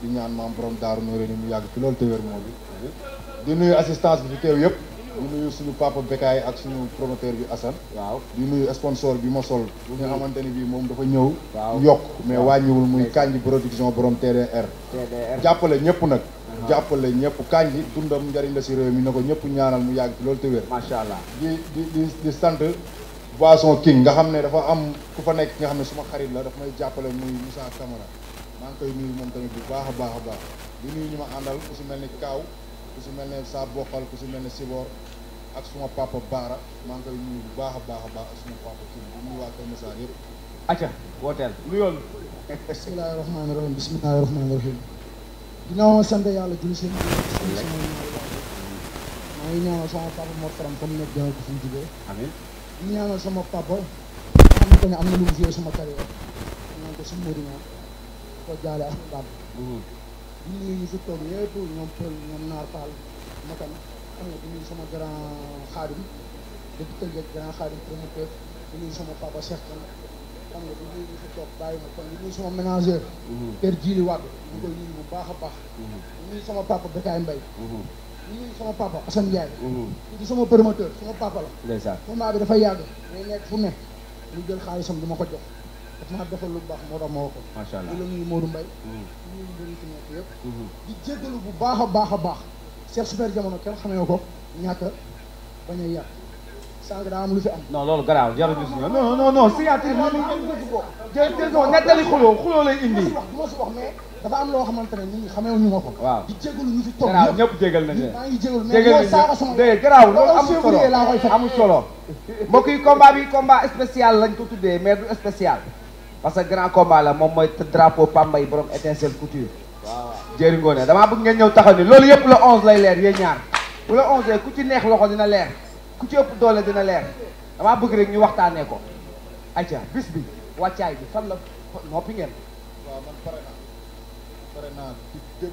di ñaan maam borom daaru nooy ni mu yàgg ci loolu te moo bi di nuyu assistance bi fi teew yëpp di nuyu suñu papa Bekaay ak suñu promoteur bi assan waaw di nuyu sponsor bi ma sol bu nga mm-hmm. xamante ni bii moom dafa ñëw yokk mais wàññiwul muy Kandji production borom TDR jàppale ñëpp nag uh-huh. jàppale ñëpp Kandji dundam njëriñ la si réew mi ne ko ñëpp ñaanal mu yàgg ci loolu te macha allah di di di sant Boisson King nga xam ne dafa am ku fa nekk nga xam ne suma xarit la daf jàppale muy Moussa Camara maa ngi koy nuyu moom tamit bu baax a baax a baax di nuyu ñu ma àndal ku si mel ni ku si mel ne Sa Bokkal ku si mel ne Sibor ak suma papa Baara maa ngi koy nuyu bu baax a baax a baax ak suma papa Thioune di nuyu waa Kër Massar yëpp. acca wooteel lu yoon. bismillaahi rahmaani rahim bismillaahi rahmaani rahim ginnaaw ma sant yàlla julli seen maa ngi ñaanal sama papa Mor Faram comme nekk gën ko fi mu jugee. amiin ñaanal sama papa. xam nga ne am na lu mu sama carrière. ñaan ko sama Mourinho. ko jaale ak bàmb mhm. ñu ngi ñu toog yëpp ñoom ñoom naar faal makan xam nga di nuyu sama grand xaadim dëkk Tëngéej grand xaadim promoteur di nuyu sama papa Cheikh Kan xam nga di sama ménageur mhm. père Djili Wade ñu bu baax a baax mhm. di nuyu sama papa Bekaay Mbay di nuyu sama papa Assane Ndiaye di sama promoteur bi dafa yàgg day nekk fu ne ñu jël xaalisam ma ko jox daf maa defal lu baax moo tax ma woo ko. macha allah di la nuyu Modou Mbaye. Mm. Mm-hmm. di nuyu bu baax a baax a baax. Cheikh Super jamono kenn xamee ko ñàkk a bañ a yàq sànq daa am lu fi am. non loolu garaaw jarul gis nga non non non signature moom lañ gëstu ko. jërëjëf non nettali xuloo xuloo lay indi. du si wax dafa am loo xamante ne nit ñi xamee ñu ma ko. waaw di jégalu ñu fi toog ñëpp garaaw ñëpp jégal nañu leen. maa ngi jégalu mais loolu saako sama. dégg garaaw loolu amul solo amul yi combat bi combat spécial lañ ko tuddee mais du spécial. parce que grand combat la moom mooy drapeau Pambay borom étincelle couture. waaw jëri damaa bëgg ngeen ñëw taxaw ni loolu yëpp la 11 lay leer yéen ñaar bu la 11 ku ci neex loxo dina leer ku ci ëpp doole dina leer damaa bëgg rek ñu waxtaanee ko. ayca bis bi wàccaay bi fan la noppi ngeen. waaw man bu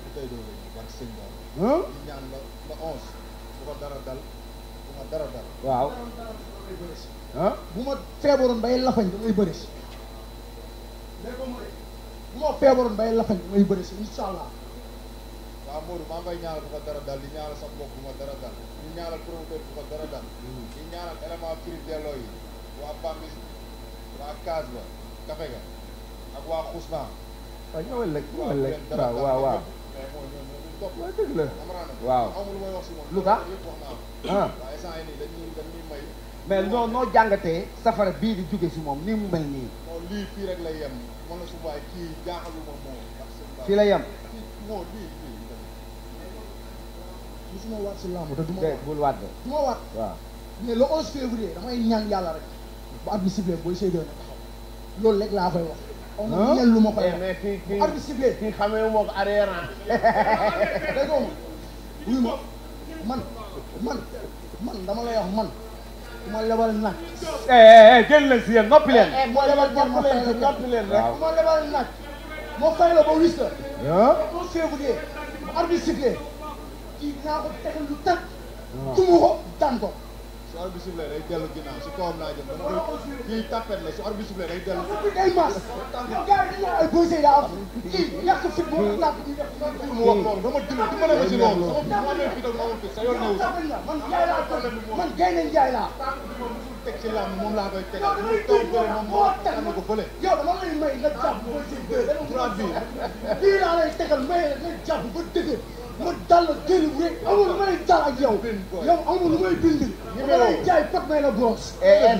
ko ma dara bay lafañ da bëri. ne ko mooy bu ma feebaroon bay lafañ may bëri si incha allah waaw Modou maa ngay ñaanal bu ko dara dal di ñaanal sa mbokk bu ko dara dal di ñaanal promoteur ko dara dal di ñaanal élément prix delloo yi waa Bambis waa Kaas Kafe ga ak waa Xusna waaw ñëwal rek ñëwal rek waaw waaw waaw waaw dëgg la waaw lu tax ah mais noo noo jàngatee safara bii di jóge si moom ni mu mel nii. non lii fii rek la yem mën na suba kii jaaxaluma moom. fii la yem. non lii fii. si laamu te du ma waat de bul waat de. du ma waat waaw. mais damay ñaan yàlla rek. bu at bi sifflé booy séedee na taxaw loolu rek laa koy wax. lu ma koy eh, wax mais fii ah. man man man dama lay wax man. moo lebal a eh, eh, eh, jël leen si yéen noppi leen. moo lebal noppi leen noppi leen rek. moo a nag moo fay la ba huit heures. boo février bu arbitre sifflé kii naa ko tegal lu tànk. tumu ko daan ko. su arbitre sifflé day dellu ginnaaw si kawam laa jëm dama koy kii tapet la su arbitre sifflé day dellu. ay maas gars yi ay bouse daa am kii yàq fit mu wax loolu dama dund dimbale ma si loolu. sama amee fi ma fi sa yoon newu man jaay laa ko man jaay nañ jaay laa. teg ci laa moom laa koy teg mu taw bëri moom moo tax na ko fële. yow dama lay may nga jàpp bouse bi. bii laa lay tegal may nga jàpp ba dëgër. ma dal la génn bu dee amul lu may dal ak yow yow amul lu may bind. numéro ma lay jaay Pape Mayla Brosse.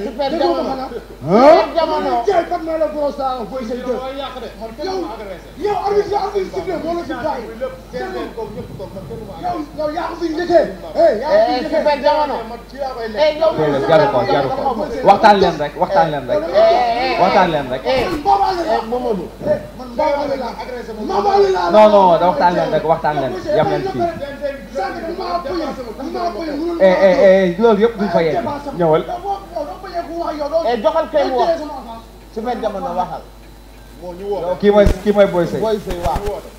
super jamono super jamono ma lay jaay Pape Mayla Brosse laa la booy say dër. yow yow arbitre arbitre sifflé moo la fi bàyyi. yow yow yaa ko fi njëkkee. yaa ko fi njëkkee jamono. jaru ko jaru ko waxtaan leen rek waxtaan leen rek. waxtaan leen rek. non non waxtaan leen rek waxtaan leen yam leen fii. Eh, eh, eh, loolu yëpp duñ fa yegg ñëwal. joxal kay mu wax su fekkee jamono waxal. kii mooy kii mooy Boy Seye.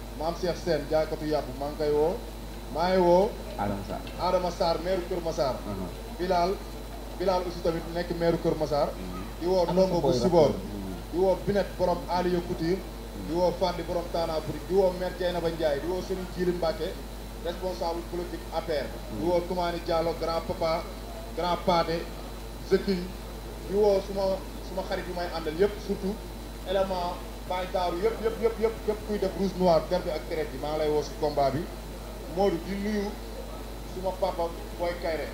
maam Cheikh Sène jaaykatu yàpp maa ngi koy woo maa ngi woo Adama Sarr Adama Sarr maire Kër Massar uh-huh. Bilal Bilal aussi tamit nekk maire Kër Massar uh-huh. di woo ndongo bu Sibor uh-huh. di woo Binet borom Aliya Couture di woo Fandi borom Tana Boutique di woo maire Dieynaba Ndiaye di woo Serigne Djili Mbacké responsable politique APR di woo Toumani Diallo grand papa grand pate Zekin di woo suma suma xarit yu may àndal yëpp surtout élément baay daaru yëpp yëpp yëpp yëpp yëpp kuy def rouge noir derbi ak traite bi maa ngi lay woo si combat bi Modou di nuyu suma papa booy Kayre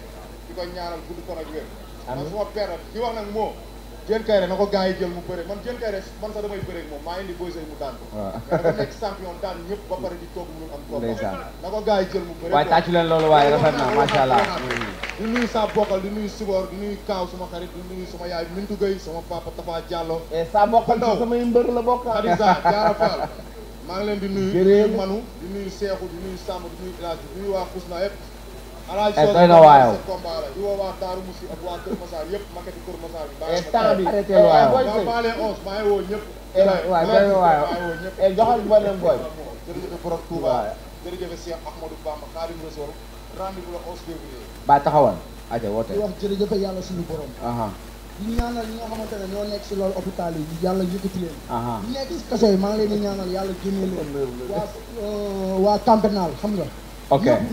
di ko ñaanal gudd kon ak wér man suma père di wax nag moo jën Kayre na ko gars yi jël mu bëre man jën Kayre man sax damay bëre ak moom maa indi boy sey mu daan ko nekk champion daan ñëpp ba pare di toog mu am na ko gars yi jël mu bëre waaye tàccu leen loolu waaye rafet na macha allah di nuyu sa bokkal di nuyu Sibor di nuyu Kaaw suma xarit di nuyu suma yaay Mintu Gueye sama papa Tafa Diallo. sa bokkal ci samay mbër la bokkal. Khadija Diarra Fall maa ngi leen di nuyu. di nuyu Manu di nuyu Seexu di nuyu Samb di nuyu El Hadj di nuyu waa Kousna yëpp. alaaj soo doy na waayaw combat la di woo waa Daaru Musi ak waa Kër Masar yëpp makkati Kër Masar bi. baax na temps bi arrêté waayaw waaw maa leen onze maa ngi woo ñëpp. waaw doy na waayaw joxal ba dem boy. jërëjëf borom Touba jërëjëf Cheikh Ahmadou Bamba Xaadim Rasul rendez-vous la 11 février. ba taxawal. ayca woote di wax jërëjëf yàlla suñu borom. di ñaanal ñi nga xamante ne ñoo nekk si loolu hôpital yi yàlla yëkkati leen. ñu nekk si kaso yi maa leen ñaanal yàlla génne leen. waa euh, waa camp pénal xam nga.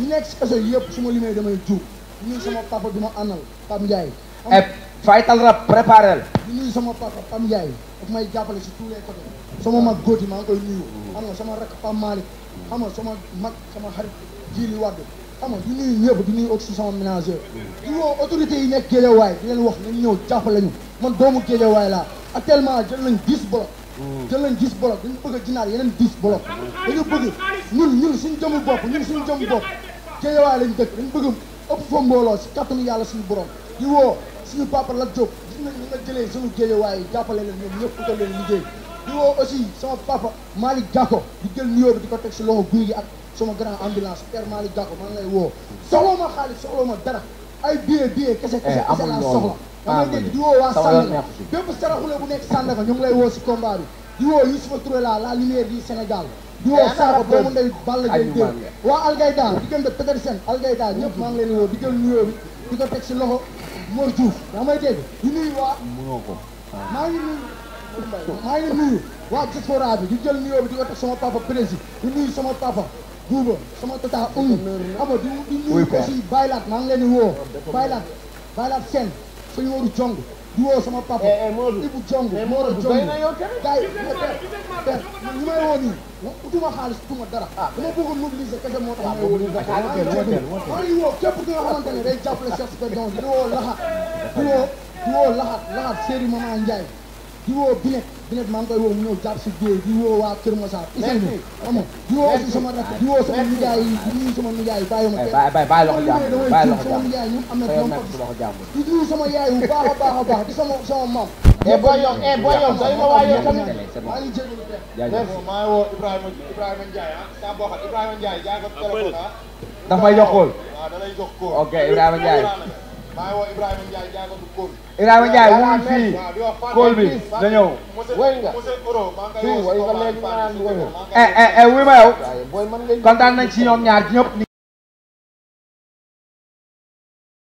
ñu nekk si kaso yi yëpp suma ma limee damay jur. di nuyu sama papa bi ma àndal Pape Ndiaye. et eh, faytal rab préparé la. di nuyu sama papa Pape Ndiaye daf may jàppale si tous les côtés. sama mag góoti maa ngi koy nuyu. xam nga sama rakk Pape Malick. xam nga sama mag sama xarit. Djili Wade xam nga di nuyu ñëpp di nuyu aussi sama ménageur di woo autorités yi nekk Géejawaay di leen wax nañ ñëw jàppale ñu man doomu Géejawaay laa actuellement jël nañ dix bloc jël nañ dix bloc dañu bëgg a jinaar yeneen dix bloc dañu bëgg ñun ñun suñu jëmu bopp ñun suñu jëmu bopp Géejawaay lañ dëkk dañu bëgg ëpp fa booloo si kattanu yàlla suñu borom di woo suñu papa la Diop gis nañ ñu nga jëlee suñu Géejawaay yi jàppale leen ñoom ñëpp utal leen liggéey di woo aussi sama papa Malick Gako di jël nuyoo bi di ko teg si loxo guy gi ak suma grand ambulance Père Malick Gakou maa ngi lay woo soxla ma xaalis ay billet kese kese eh, kese laa soxla ah, damay dégg di woo waa Sandaga bu nekk Sandaga ñu ngi woo si combat bi di woo Youssoufa Touré la la lumière du Sénégal di woo eh, Sara doomu ndey Balla Gaye dé waa Algayda diggante ñëpp maa di jël nuyoo bi di ko teg si loxo Mor Diouf damay dégg di nuyu waa maa ngi nuyu maa ngi nuyu waa diaspora bi di jël nuyoo bi di ko sama papa président di nuyu sama papa buuba sama tata um ama di di nuyu aussi baylaat maa ngi leen di woo ah, baylaat baylaat seen suñu waru jong di woo sama papa eh, eh, ibu jong a eh, jong gars yi ñu may woo nii utuma xaalis utuma dara ah, dama bëgg a mobiliser kese moo tax maa woo laxat di woo di woo di woo bilet bilet maa ngi koy woo mu ñëw jàpp si géej di woo waa Kër Masar. merci xam nga di woo si sama rakk di woo sama nijaay yi di nuyu sama nijaay yi bàyyi ma kenn. bàyyi bàyyi bàyyi loxo jàmbur bàyyi loxo jàmbur am na ñoom di nuyu sama yaay bu baax a baax a baax di sama sama maam. eh booy yow eh booy yow sooy ma waay yow tamit maa ngi jégalu kenn. maa ngi woo Ibrahima Ibrahima Ndiaye ah saa boo xam Ibrahima Ndiaye jaay ko téléphone ah. daf may jox kóol. waaw da lay jox kóol. ok Ibrahima Ndiaye. maa ngi woo Ibrahima Ndiaye jaagatu kóol. Ibrahima Ndiaye wu ñu fii kóol bi da ñëw. wéy nga fii wéy nga ci eh, eh, eh, ñoom ñaar ñëpp.